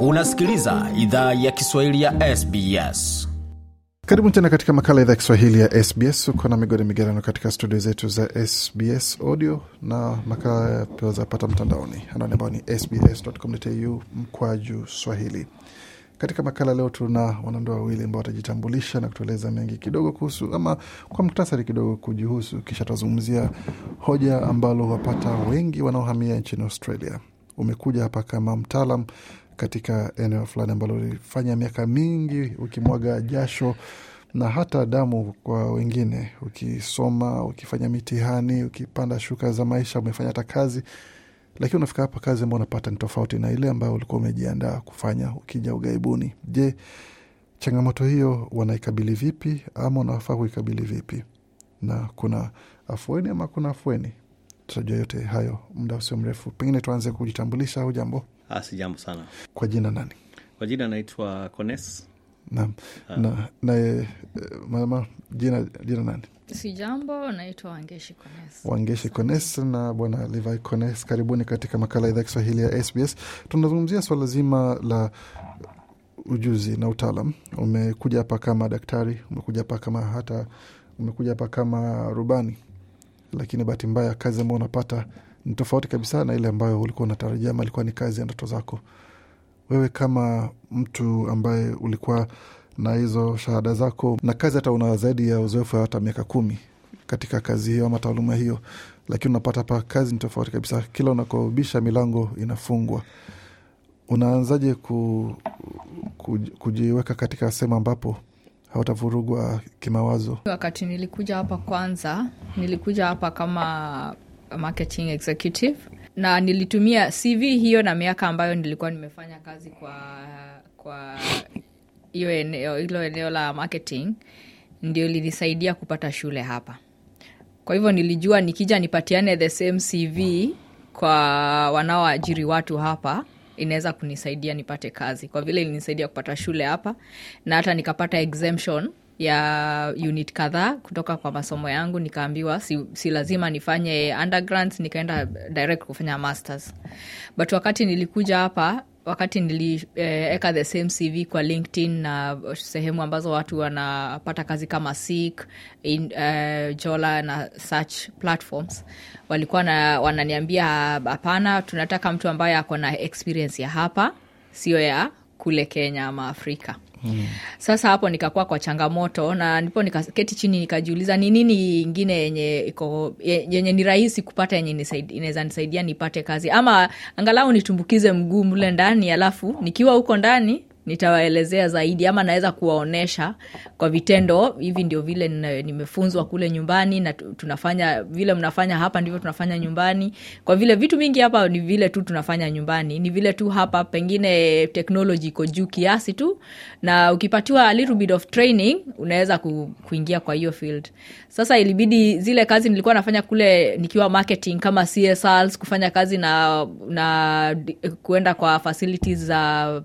Unasikiliza idhaa ya Kiswahili ya SBS. Karibu tena katika makala idhaa ya Kiswahili ya SBS. Uko na migodi migerano katika studio zetu za SBS audio na makala yazapata mtandaoni, anwani ambao ni sbscu mkwaju swahili. Katika makala leo tuna wanandoa wawili ambao watajitambulisha na kutueleza mengi kidogo kuhusu ama kwa muktasari kidogo kujihusu, kisha tutazungumzia hoja ambalo wapata wengi wanaohamia nchini Australia. Umekuja hapa kama mtaalam katika eneo fulani ambalo ulifanya miaka mingi, ukimwaga jasho na hata damu kwa wengine, ukisoma, ukifanya mitihani, ukipanda shuka za maisha, umefanya hata kazi lakini unafika hapa, kazi ambayo unapata ni tofauti na ile ambayo ulikuwa umejiandaa kufanya ukija ughaibuni. Je, changamoto hiyo wanaikabili vipi, ama unafaa kuikabili vipi? Na kuna afueni ama kuna afueni? Tutajua yote hayo muda usio mrefu. Pengine tuanze kujitambulisha. Hujambo? Ah, si jambo sana. Kwa jina nani? Kwa jina anaitwa Kones. Naam. Ah. Na, na, mama eh, jina, jina nani? Si jambo, naitwa Wangeshi Kones. Wangeshi Kones na bwana Levi Kones, karibuni katika makala ya idhaa Kiswahili ya SBS. Tunazungumzia swala zima la ujuzi na utaalam. Umekuja hapa kama daktari, umekuja hapa kama hata umekuja hapa kama rubani, lakini bahati mbaya kazi ambayo unapata ni tofauti kabisa na ile ambayo ulikuwa unatarajia, ama ilikuwa ni kazi ya ndoto zako wewe kama mtu ambaye ulikuwa na hizo shahada zako na kazi, hata una zaidi ya uzoefu ya hata miaka kumi katika kazi hiyo ama taaluma hiyo, lakini unapata pa kazi ni tofauti kabisa. Kila unakobisha milango inafungwa. Unaanzaje ku, ku, kujiweka katika sehemu ambapo hautavurugwa kimawazo? Wakati nilikuja hapa kwanza, nilikuja hapa kama marketing executive na nilitumia cv hiyo na miaka ambayo nilikuwa nimefanya kazi kwa kwa hiyo eneo hilo eneo la marketing ndio lilisaidia kupata shule hapa kwa hivyo nilijua nikija nipatiane the same cv kwa wanaoajiri watu hapa inaweza kunisaidia nipate kazi kwa vile ilinisaidia kupata shule hapa na hata nikapata exemption ya unit kadhaa kutoka kwa masomo yangu nikaambiwa si, si lazima nifanye undergrad nikaenda direct kufanya masters but wakati nilikuja hapa wakati nilieka eh, the same cv kwa linkedin na sehemu ambazo watu wanapata kazi kama sik uh, eh, jola na such platforms walikuwa na, wananiambia hapana tunataka mtu ambaye ako na experience ya hapa sio ya kule kenya ama afrika Mm. Sasa hapo nikakuwa kwa changamoto na ndipo nikaketi chini nikajiuliza ni nini ingine yenye iko yenye ni rahisi kupata yenye inaweza nisaidia nipate kazi ama angalau nitumbukize mguu mle ndani, alafu nikiwa huko ndani nitawaelezea zaidi ama naweza kuwaonesha kwa vitendo hivi ndio vile nimefunzwa kule nyumbani na tunafanya vile mnafanya hapa ndivyo tunafanya nyumbani kwa vile vitu mingi hapa ni vile tu tunafanya nyumbani ni vile tu hapa pengine teknoloji iko juu kiasi tu na ukipatiwa a little bit of training unaweza kuingia kwa hiyo field sasa ilibidi zile kazi nilikuwa nafanya kule nikiwa marketing kama CSRs kufanya kazi na na kuenda kwa facilities za uh,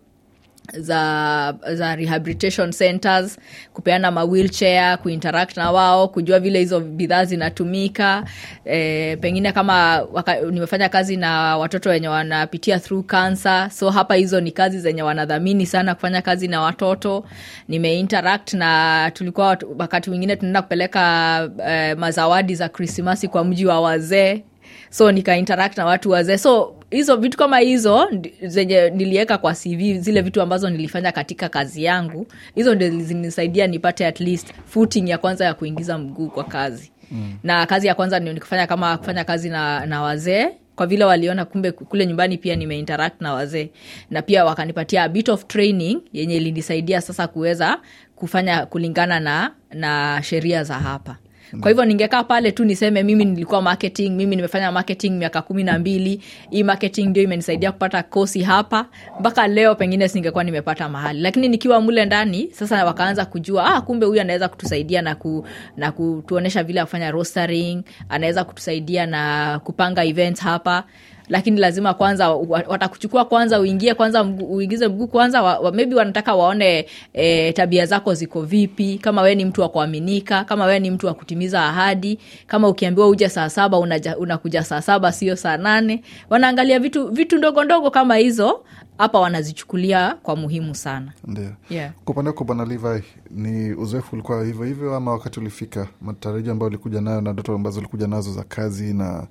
za za rehabilitation centers kupeana ma wheelchair kuinteract na wao kujua vile hizo bidhaa zinatumika e, pengine kama waka, nimefanya kazi na watoto wenye wanapitia through cancer so hapa hizo ni kazi zenye wanadhamini sana kufanya kazi na watoto nimeinteract na tulikuwa wakati mwingine tunaenda kupeleka e, mazawadi za krismasi kwa mji wa wazee so nikainteract na watu wazee so hizo vitu kama hizo zenye niliweka kwa cv zile vitu ambazo nilifanya katika kazi yangu hizo ndio zinisaidia nipate at least footing ya kwanza ya kuingiza mguu kwa kazi mm. na kazi ya kwanza nikufanya kama kufanya kazi na, na wazee kwa vile waliona kumbe kule nyumbani pia nimeinteract na wazee na pia wakanipatia a bit of training yenye ilinisaidia sasa kuweza kufanya kulingana na na sheria za hapa kwa hivyo ningekaa pale tu niseme mimi nilikuwa marketing, mimi nimefanya marketing miaka kumi na mbili. Hii marketing ndio imenisaidia kupata kosi hapa mpaka leo, pengine singekuwa nimepata mahali. Lakini nikiwa mule ndani sasa, wakaanza kujua ah, kumbe huyu anaweza kutusaidia na, ku, na kutuonyesha vile ya kufanya rostering, anaweza kutusaidia na kupanga events hapa lakini lazima kwanza watakuchukua kwanza uingie kwanza mgu, uingize mguu kwanza wa, wa, maybe wanataka waone e, tabia zako ziko vipi kama wee ni mtu wa kuaminika kama wee ni mtu wa kutimiza ahadi kama ukiambiwa uje saa saba unakuja saa saba sio saa nane wanaangalia vitu vitu ndogo ndogo kama hizo hapa wanazichukulia kwa muhimu sana ndio yeah. kwa upande wako bwana livai ni uzoefu ulikuwa hivyo hivyo ama wakati ulifika matarajio ambayo ulikuja nayo na ndoto ambazo ulikuja nazo za kazi na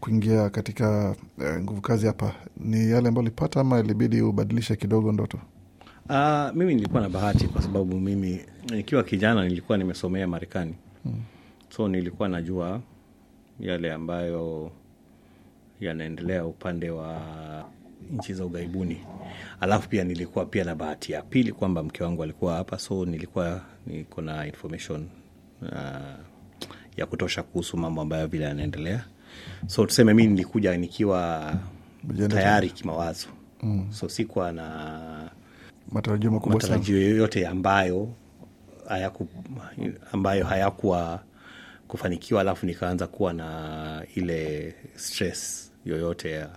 kuingia katika eh, nguvu kazi hapa ni yale ambayo ulipata ama ilibidi ubadilishe kidogo ndoto uh, mimi nilikuwa na bahati kwa sababu mimi nikiwa kijana nilikuwa nimesomea marekani hmm. so nilikuwa najua yale ambayo yanaendelea upande wa nchi za ugaibuni. Alafu pia nilikuwa pia na bahati ya pili kwamba mke wangu alikuwa hapa, so nilikuwa niko na information uh, ya kutosha kuhusu mambo ambayo vile yanaendelea. So tuseme mi nilikuja nikiwa tayari kimawazo mm. so sikuwa na matarajio makubwa, matarajio yoyote ambayo hayaku, ambayo hayakuwa kufanikiwa, alafu nikaanza kuwa na ile stress yoyote ya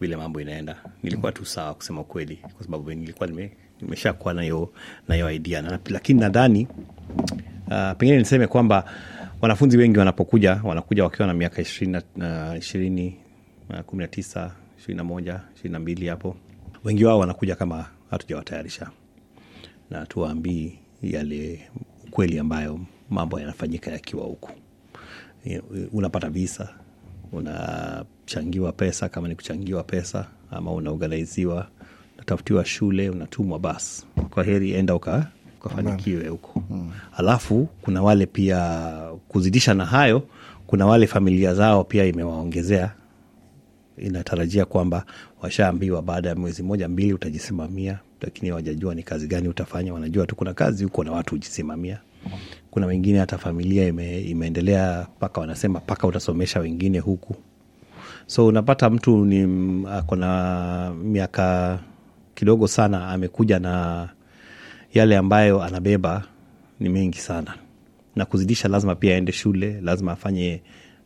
vile mambo inaenda. Nilikuwa tu sawa kusema kweli, kwa sababu nilikuwa nime, nimeshakuwa nayo nayo idea na, lakini nadhani uh, pengine niseme kwamba wanafunzi wengi wanapokuja wanakuja wakiwa na miaka ishirini ishirini ah, kumi na tisa ishirini na moja ishirini na mbili hapo. Wengi wao wanakuja kama hatujawatayarisha na tuwaambii yale ukweli ambayo mambo yanafanyika yakiwa huku. Unapata visa unachangiwa pesa kama ni kuchangiwa pesa ama unaorganiziwa unatafutiwa shule unatumwa basi kwa heri enda uka ukafanikiwe huko hmm. alafu kuna wale pia kuzidisha na hayo kuna wale familia zao pia imewaongezea inatarajia kwamba washaambiwa baada ya mwezi moja mbili utajisimamia lakini wajajua ni kazi gani utafanya wanajua tu kuna kazi huko na watu hujisimamia kuna wengine hata familia ime, imeendelea mpaka wanasema mpaka utasomesha wengine huku so unapata mtu ni akona miaka kidogo sana amekuja na yale ambayo anabeba ni mengi sana na kuzidisha lazima pia aende shule lazima afanye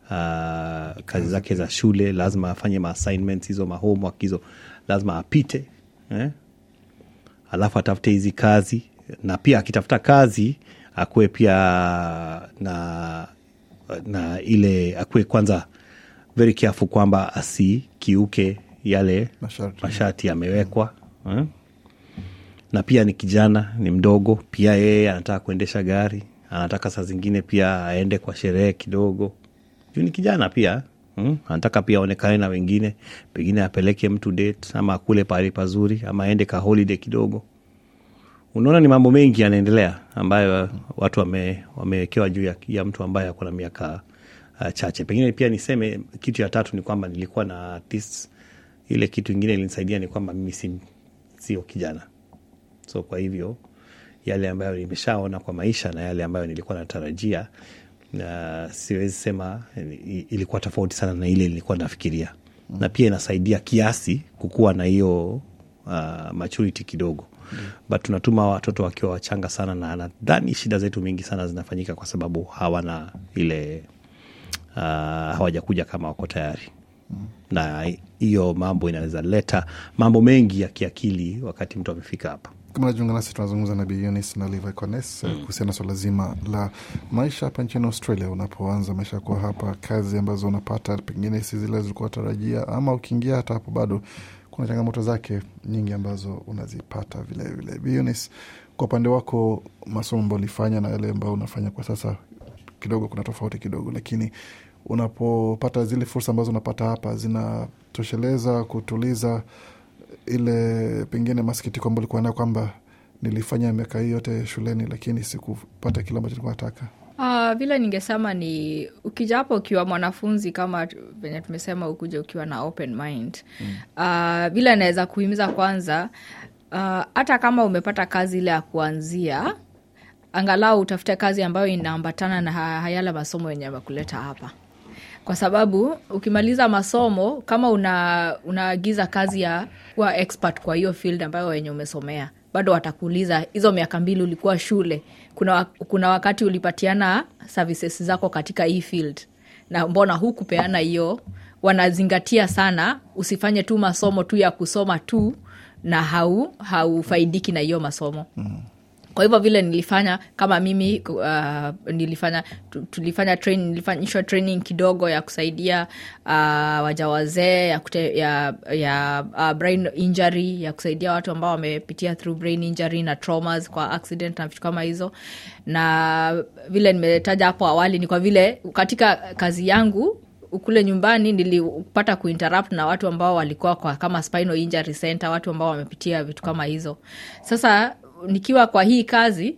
uh, kazi zake za shule lazima afanye maassignments hizo mahomework hizo lazima apite eh? alafu atafute hizi kazi na pia akitafuta kazi akuwe pia na, na ile akuwe kwanza very kiafu kwamba asikiuke yale masharti, masharti yamewekwa hmm. na pia ni kijana, ni mdogo pia, yeye anataka kuendesha gari, anataka saa zingine pia aende kwa sherehe kidogo juu ni kijana pia hmm? anataka pia aonekane na wengine, pengine apeleke mtu date ama akule pahali pazuri ama aende ka holiday kidogo Unaona, ni mambo mengi yanaendelea ambayo watu wamewekewa wame juu ya, ya mtu ambaye ako na miaka uh, chache. Pengine pia niseme kitu ya tatu ni kwamba nilikuwa na tis, ile kitu ingine ilinisaidia ni kwamba mimi sio kijana, so kwa hivyo yale ambayo nimeshaona kwa maisha na yale ambayo nilikuwa natarajia na uh, siwezi sema ilikuwa tofauti sana na ile nilikuwa nafikiria, na pia inasaidia kiasi kukuwa na hiyo uh, maturity kidogo mm. but tunatuma watoto wakiwa wachanga sana, na nadhani shida zetu mingi sana zinafanyika kwa sababu hawana ile uh, hawajakuja kama wako tayari mm. na hiyo mambo inaweza leta mambo mengi ya kiakili wakati mtu amefika hapa kama najiunga nasi tunazungumza na Bi na Levi eh, mm. kuhusiana swala zima la maisha hapa nchini Australia. Unapoanza maisha kuwa hapa, kazi ambazo unapata pengine si zile zilikuwa tarajia, ama ukiingia hata hapo bado kuna changamoto zake nyingi ambazo unazipata vilevile. vile. kwa upande wako, masomo ambao ulifanya na yale ambayo unafanya kwa sasa, kidogo kuna tofauti kidogo, lakini unapopata zile fursa ambazo unapata hapa zinatosheleza kutuliza ile pengine masikitiko ambao likuwa nayo kwamba nilifanya miaka hii yote shuleni, lakini sikupata kile ambacho nataka? Uh, vile ningesema ni ukijapo ukiwa mwanafunzi kama venye tumesema ukuja ukiwa na open mind mm. uh, vile naweza kuhimiza kwanza ah, hata uh, kama umepata kazi ile ya kuanzia angalau utafute kazi ambayo inaambatana na hayala masomo yenye amekuleta hapa kwa sababu ukimaliza masomo kama una, unaagiza kazi ya kuwa expert kwa hiyo field ambayo wenye umesomea bado watakuuliza hizo miaka mbili ulikuwa shule kuna, kuna wakati ulipatiana services zako katika hii field na mbona hukupeana hiyo wanazingatia sana usifanye tu masomo tu ya kusoma tu na hau haufaidiki na hiyo masomo mm kwa hivyo vile nilifanya kama mimi uh, nilifanya tulifanya train, nilifanyishwa training kidogo ya kusaidia uh, waja wazee ya, kute, ya, ya uh, brain injury ya kusaidia watu ambao wamepitia through brain injury na traumas kwa accident na vitu kama hizo na vile nimetaja hapo awali ni kwa vile katika kazi yangu kule nyumbani nilipata kuinterrupt na watu ambao walikuwa kwa kama spinal injury center watu ambao wamepitia vitu kama hizo sasa nikiwa kwa hii kazi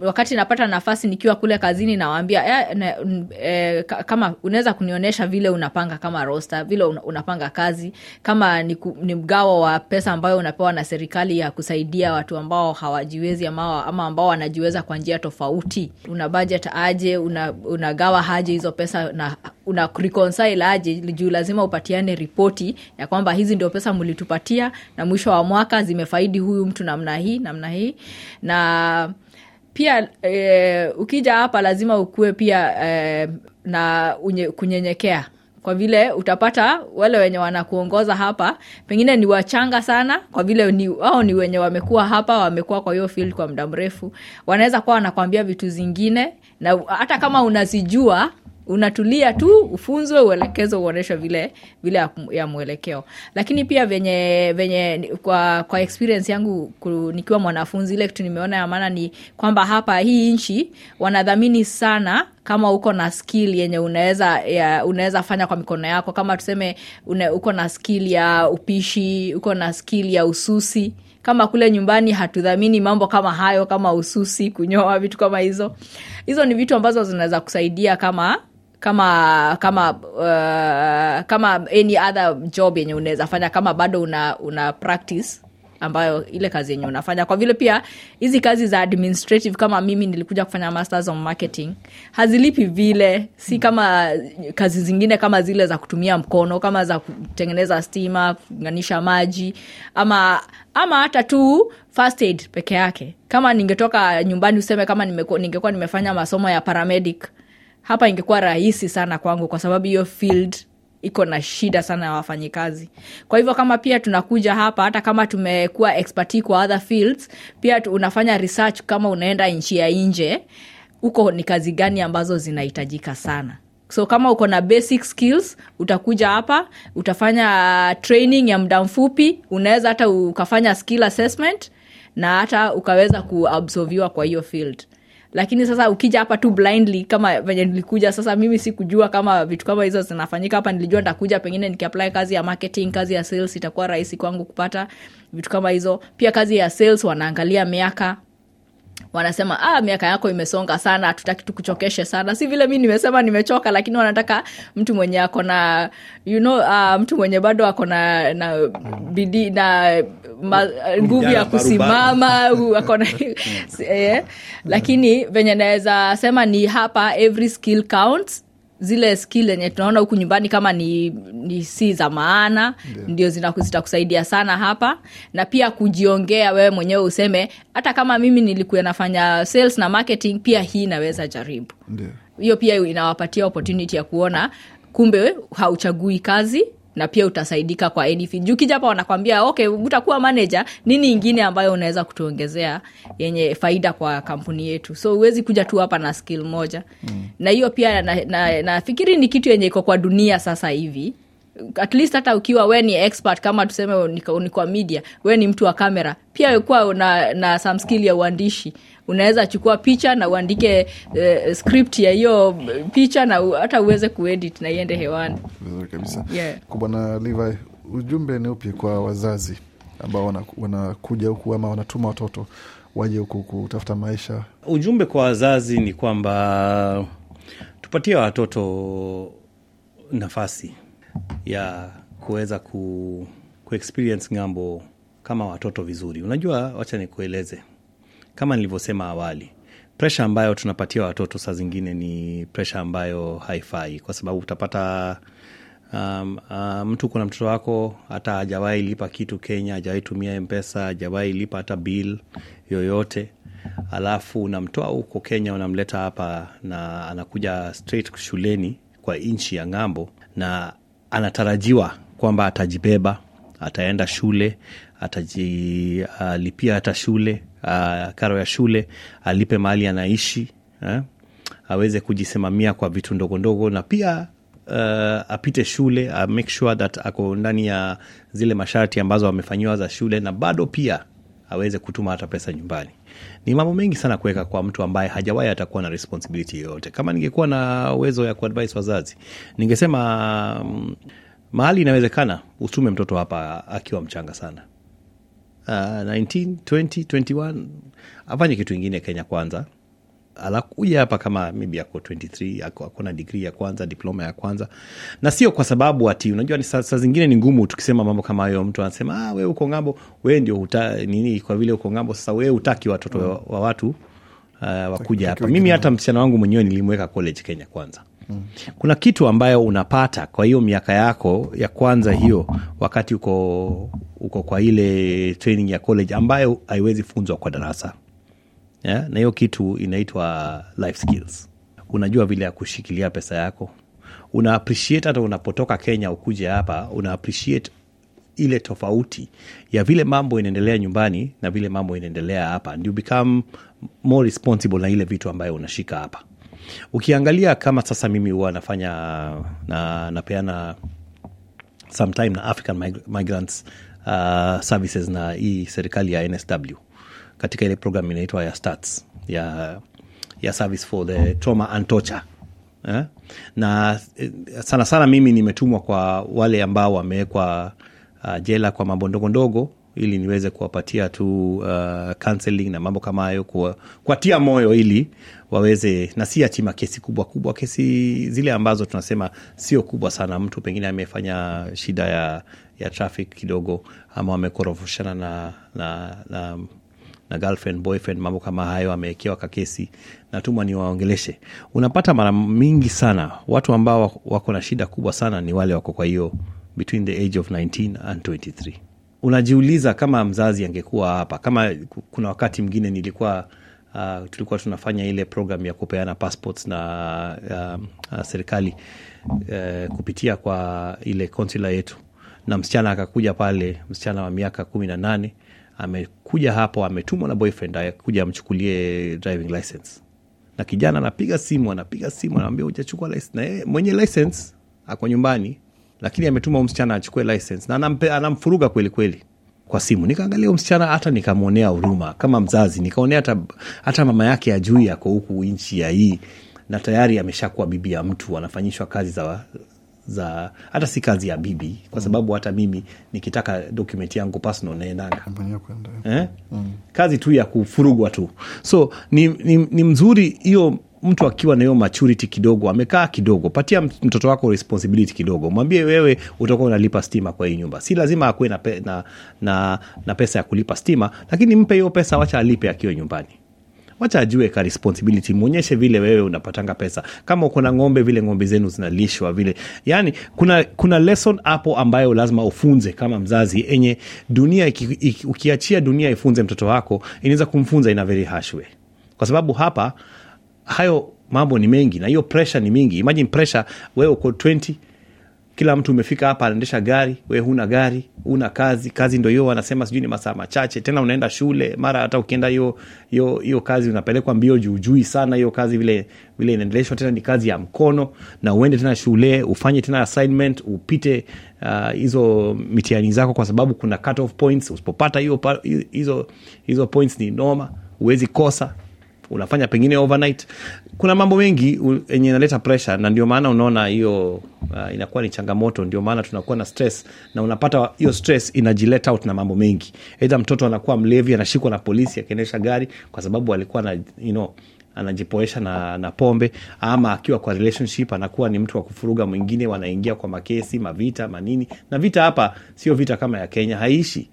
wakati napata nafasi nikiwa kule kazini nawambia eh, ne, eh, kama unaweza kunionyesha vile unapanga kama roster, vile unapanga kazi kama ni, ni mgawo wa pesa ambayo unapewa na serikali ya kusaidia watu ambao hawajiwezi ama, ama ambao wanajiweza kwa njia tofauti una budget aje una, unagawa haje hizo pesa na una reconcile aje juu lazima upatiane ripoti ya kwamba hizi ndio pesa mlitupatia na mwisho wa mwaka zimefaidi huyu mtu namna hii namna hii na pia eh, ukija hapa lazima ukuwe pia eh, na kunyenyekea kwa vile utapata wale wenye wanakuongoza hapa pengine ni wachanga sana kwa vile ni, wao ni wenye wamekuwa hapa wamekuwa kwa hiyo field kwa muda mrefu wanaweza kuwa wanakwambia vitu zingine na hata kama unazijua unatulia tu ufunzwe uelekezo uonyeshwe vile vile ya, mwelekeo lakini pia venye venye kwa kwa experience yangu nikiwa mwanafunzi ile kitu nimeona ya maana ni kwamba hapa hii nchi wanadhamini sana kama uko na skill yenye unaweza ya, unaweza fanya kwa mikono yako kama tuseme une, uko na skill ya upishi uko na skill ya ususi kama kule nyumbani hatudhamini mambo kama hayo kama ususi kunyoa vitu kama hizo hizo ni vitu ambazo zinaweza kusaidia kama kama kama uh, kama any other job yenye unaweza fanya kama bado una, una practice ambayo ile kazi yenye unafanya kwa vile pia hizi kazi za administrative kama mimi nilikuja kufanya masters on marketing hazilipi vile si kama kazi zingine kama zile za kutumia mkono kama za kutengeneza stima kuunganisha maji ama ama hata tu first aid peke yake kama ningetoka nyumbani useme kama ningekuwa nimefanya masomo ya paramedic hapa ingekuwa rahisi sana kwangu kwa sababu hiyo field iko na shida sana ya wafanyikazi kwa hivyo kama pia tunakuja hapa hata kama tumekuwa expert kwa other fields pia unafanya research kama unaenda nchi ya nje huko ni kazi gani ambazo zinahitajika sana so kama uko na basic skills utakuja hapa utafanya training ya muda mfupi unaweza hata ukafanya skill assessment na hata ukaweza kuabsolviwa kwa hiyo field lakini sasa ukija hapa tu blindly kama venye nilikuja sasa mimi sikujua kama vitu kama hizo zinafanyika hapa nilijua ntakuja pengine nikiapply kazi ya marketing kazi ya sales itakuwa rahisi kwangu kupata vitu kama hizo pia kazi ya sales wanaangalia miaka wanasema ah, miaka yako imesonga sana, hatutaki tukuchokeshe sana. Si vile mi nimesema nimechoka, lakini wanataka mtu mwenye ako na you know, uh, mtu mwenye bado ako na, na bidii na nguvu ya kusimama akona, yeah. lakini venye naweza sema ni hapa every skill counts zile skill enye tunaona huku nyumbani kama ni, ni si za maana yeah. ndio zitakusaidia sana hapa na pia kujiongea wewe mwenyewe useme hata kama mimi nilikuwa nafanya sales na marketing pia hii naweza jaribu hiyo yeah. pia inawapatia opportunity ya kuona kumbe hauchagui kazi na pia utasaidika kwa juu kijapa wanakwambia ok utakuwa manaja nini ingine ambayo unaweza kutuongezea yenye faida kwa kampuni yetu so huwezi kuja tu hapa na skill moja mm. na hiyo pia nafikiri na, na, na ni kitu yenye iko kwa dunia sasa hivi at least hata ukiwa we ni expert kama tuseme ni kwa media we ni mtu wa kamera pia kuwa na, na some skill ya uandishi unaweza chukua picha na uandike uh, script ya hiyo eh, picha na hata uweze kuedit na iende hewani vizuri kabisa yeah. bwana ujumbe ni upi kwa wazazi ambao wanakuja huku ama wanatuma watoto waje huku kutafuta maisha ujumbe kwa wazazi ni kwamba tupatie watoto nafasi ya kuweza ku, ku experience ng'ambo kama watoto vizuri. Unajua, wacha nikueleze, kama nilivyosema awali, presha ambayo tunapatia watoto saa zingine ni presha ambayo haifai, kwa sababu utapata um, uh, mtu kuna mtoto wako hata hajawahi lipa kitu Kenya, hajawahi tumia Mpesa, hajawahi lipa hata bill yoyote, alafu unamtoa huko Kenya unamleta hapa na anakuja straight shuleni kwa nchi ya ng'ambo na anatarajiwa kwamba atajibeba, ataenda shule, atajilipia hata shule a, karo ya shule, alipe mahali anaishi a, aweze kujisimamia kwa vitu ndogo ndogo na pia Uh, apite shule uh, make sure that ako ndani ya zile masharti ambazo amefanyiwa za shule, na bado pia aweze kutuma hata pesa nyumbani. Ni mambo mengi sana kuweka kwa mtu ambaye hajawahi atakuwa na responsibility yoyote. Kama ningekuwa na uwezo ya kuadvise wazazi, ningesema um, mahali inawezekana utume mtoto hapa akiwa mchanga sana uh, 19, 20, 21 afanye kitu ingine Kenya kwanza anakuja hapa kama maybe ako 23 ako, ako na digrii ya kwanza diploma ya kwanza na sio kwa sababu ati unajua ni saa, zingine ni ngumu tukisema mambo kama hayo mtu anasema ah, we uko ngambo we ndio uta, nini kwa vile uko ngambo sasa we utaki watoto mm. wa, wa watu uh, wakuja hapa mimi hata msichana wangu mwenyewe nilimweka college kenya kwanza Mm. Kuna kitu ambayo unapata kwa hiyo miaka yako ya kwanza hiyo, wakati uko, uko kwa ile training ya college ambayo haiwezi funzwa kwa darasa yeah? na hiyo kitu inaitwa life skills. Unajua vile ya kushikilia pesa yako, una appreciate hata unapotoka Kenya ukuje hapa, una appreciate ile tofauti ya vile mambo inaendelea nyumbani na vile mambo inaendelea hapa, and you become more responsible na ile vitu ambayo unashika hapa. Ukiangalia kama sasa mimi huwa nafanya na napeana sometime na African migrants uh, services na hii serikali ya NSW katika ile program inaitwa ya stats ya, ya service for the trauma and torture eh? na eh, sana sana mimi nimetumwa kwa wale ambao wamewekwa uh, jela kwa mambo ndogo ndogo ili niweze kuwapatia tu uh, counseling na mambo kama hayo kuwatia moyo ili waweze na si achima kesi kubwa kubwa kesi zile ambazo tunasema sio kubwa sana mtu pengine amefanya shida ya, ya traffic kidogo ama wamekorofushana na, na, na na girlfriend boyfriend, mambo kama hayo, amewekewa kakesi, natumwa niwaongeleshe. Unapata mara mingi sana watu ambao wako na shida kubwa sana ni wale wako kwa hiyo between the age of 19 and 23. Unajiuliza kama mzazi angekuwa hapa, kama kuna wakati mwingine nilikuwa Uh, tulikuwa tunafanya ile program ya kupeana passports na uh, uh, serikali uh, kupitia kwa ile konsula yetu, na msichana akakuja pale, msichana wa miaka kumi na nane amekuja hapo, ametumwa na boyfriend akuja amchukulie driving license, na kijana anapiga simu, anapiga simu, anamwambia hujachukua license, na yeye mwenye license ako nyumbani, lakini ametuma msichana achukue license na anampe, anamfuruga kweli kweli kwa simu. Nikaangalia msichana hata nikamwonea huruma kama mzazi, nikaonea hata, hata mama yake ajui yako huku nchi ya hii na tayari ameshakuwa bibi ya mtu, anafanyishwa kazi za, za hata si kazi ya bibi kwa mm. sababu hata mimi nikitaka dokumenti yangu pasno naendanga eh? mm. kazi tu ya kufurugwa tu so ni, ni, ni mzuri hiyo mtu akiwa na hiyo maturity kidogo amekaa kidogo patia mtoto wako responsibility kidogo mwambie wewe utakuwa unalipa stima kwa hii nyumba si lazima akuwe na, pe, na, na, na pesa ya kulipa stima lakini mpe hiyo pesa wacha alipe akiwa nyumbani wacha ajue ka responsibility, mwonyeshe vile wewe unapatanga pesa, kama uko na ng'ombe, vile ng'ombe zenu zinalishwa vile. Yani kuna, kuna lesson hapo ambayo lazima ufunze kama mzazi, enye dunia iki, iki, ukiachia dunia ifunze mtoto wako, inaweza kumfunza ina very harsh way, kwa sababu hapa hayo mambo ni mengi na hiyo pressure ni mingi. Imagine pressure wewe uko 20 kila mtu umefika hapa anaendesha gari we huna gari una kazi kazi ndo hiyo wanasema sijui ni masaa machache tena unaenda shule mara hata ukienda hiyo kazi unapelekwa mbio juujui sana hiyo kazi vile vile inaendeleshwa tena ni kazi ya mkono na uende tena shule ufanye tena assignment upite uh, hizo uh, zako kwa sababu kuna cut off points usipopata hiyo hizo hizo points ni noma huwezi kosa unafanya pengine overnight. Kuna mambo mengi yenye inaleta pressure, na ndio maana unaona hiyo uh, inakuwa ni changamoto. Ndio maana tunakuwa na stress, na unapata hiyo stress inajileta out na mambo mengi. Aidha mtoto anakuwa mlevi, anashikwa na polisi akiendesha gari kwa sababu alikuwa na you know, anajipoesha na, na pombe ama akiwa kwa relationship anakuwa ni mtu wa kufuruga mwingine, wanaingia kwa makesi, mavita, manini na vita. Hapa sio vita kama ya Kenya, haishi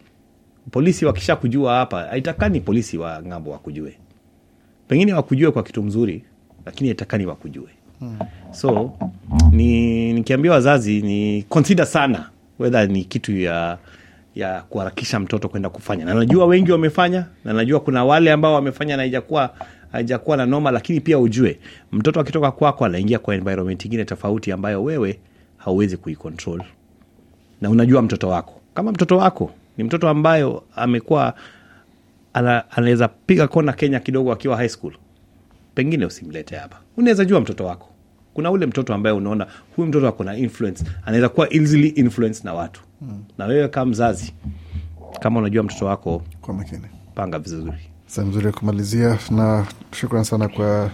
polisi wakisha kujua hapa, haitakani polisi wa ng'ambo wakujue pengine wakujue kwa kitu mzuri lakini itakani wakujue hmm. so ni nikiambia wazazi ni consider sana wedha ni kitu ya ya kuharakisha mtoto kwenda kufanya na najua wengi wamefanya na najua kuna wale ambao wamefanya na haijakuwa haijakuwa na noma lakini pia ujue mtoto akitoka kwako anaingia kwa environment ingine tofauti ambayo wewe hauwezi kuicontrol na unajua mtoto wako kama mtoto wako ni mtoto ambayo amekuwa anaweza piga kona Kenya kidogo akiwa high school, pengine usimlete hapa. Unaweza jua mtoto wako, kuna ule mtoto ambaye unaona huyu mtoto ako na influence, anaweza kuwa easily influence na watu mm. na wewe kaa mzazi, kama unajua mtoto wako, kwa makini, panga vizuri. Sehemu mzuri ya kumalizia, na shukran sana kwa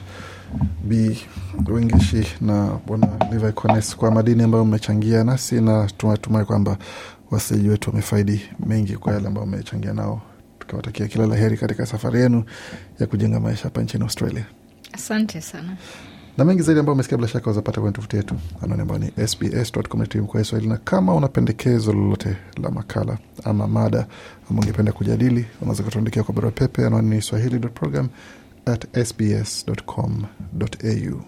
b Wengishi na Bwana Levi kwa madini ambayo mmechangia nasi, na tunatumai kwamba wasikilizaji wetu wamefaidi mengi kwa yale ambayo mmechangia nao tukiwatakia kila laheri katika safari yenu ya kujenga maisha hapa nchini Australia. Asante sana na mengi zaidi ambayo umesikia bila shaka wazapata kwenye tovuti yetu anwani ambayo ni sbs.com.au/swahili. Na kama una pendekezo lolote la makala ama mada ambao ungependa kujadili, unaweza kutuandikia kwa barua pepe, anwani ni swahili.program@sbs.com.au